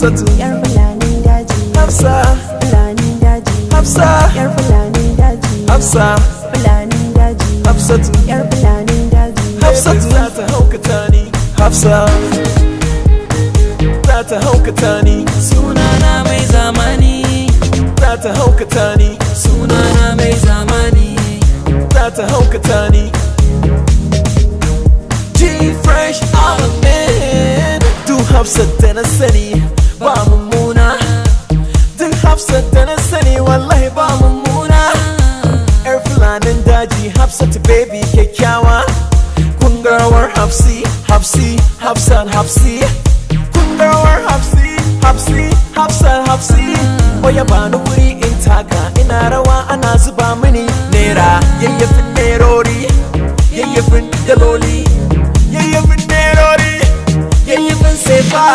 Hafsatu Yar fulanin daji Hafsa Fulanin daji Hafsa Yar fulanin daji Hafsa Fulanin daji Hafsatu Yar fulanin daji Hafsatu za ta haukata ni Hafsa Za ta haukata ni Sunana mai zamani Za ta haukata ni Sunana mai zamani Za ta haukata ni G-Fresh, I'm a man da na sani ba mummuna Duk hafsat da na sani wallahi ba mummuna Yar fulanin daji hafsat baby kyakkyawa Kungarwar hafsi, hafsi, hafsat hafsi Kungarwar hafsi, hafsi, hafsat hafsi Oya ba ni wuri in taka ina rawa ana zuba mini Nera yayyafin nerori, yayyafin daloli Yayyafin nerori, yayyafin sefa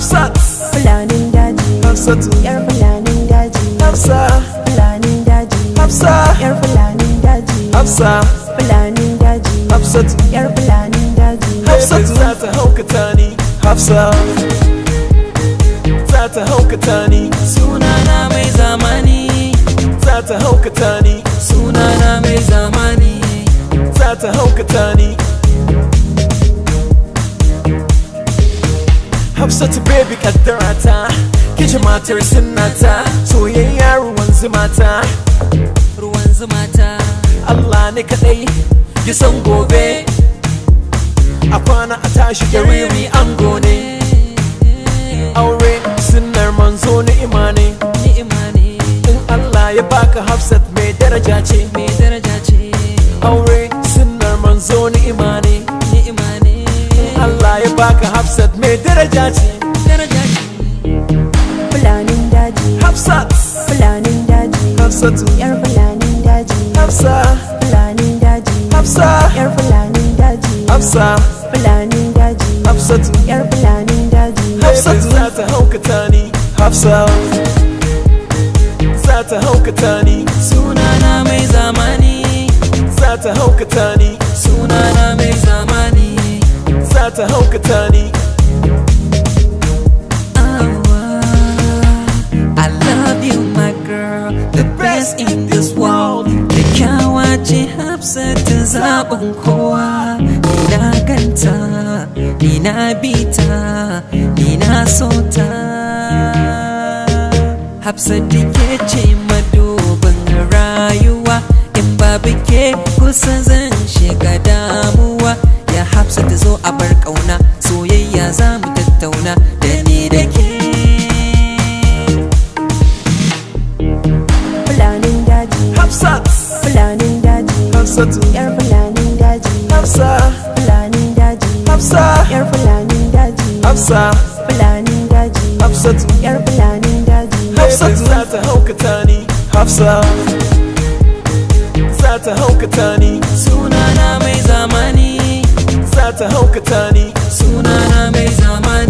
Hafsat Fulanin daji Hafsatu Yar fulanin daji Hafsa Fulanin daji Hafsa Yar fulanin daji Hafsa Fulanin daji Hafsatu Yar fulanin daji Hafsatu za ta haukata ni Hafsa Za ta haukata ni Sunana mai zamani Za ta haukata ni Hafsatu baby kaddara ta kije matar sunnata soyayya ruwan zumata ruwan zumata Allah ne kadai ya san gobe a kwana a tashi gariri an gone aure sunnar manzo ni imani in Allah ya baka Hafsat mai daraja ce mai daraja ce aure sunnar manzo ni'ima ne in Allah ya baka daraja fulanin daji hafsat fulanin daji hafsatu yar fulanin daji hafsa fulanin daji hafsa yar fulanin daji hafsa fulanin daji hafsatu yar fulanin daji hafsatu za ta haukata ni hafsa za ta haukata ni sunana mai zamani za ta haukata ni sunana mai zamani za ta haukata ni ce hafsatu zaɓin kowa ni na ganta ni na bita ni na sota hafsatu ke ce madubin rayuwa in babu ke kusa zan shiga damuwa ya hafsatu zo a bar ƙauna soyayya za mu tattauna Hafsatu Yar fulanin daji Hafsa Fulanin daji Hafsa Yar fulanin daji Hafsa Fulanin daji Hafsatu Yar fulanin daji Hafsatu za ta haukata ni Hafsa Za ta haukata ni Sunana mai zamani Za ta haukata ni Sunana mai zamani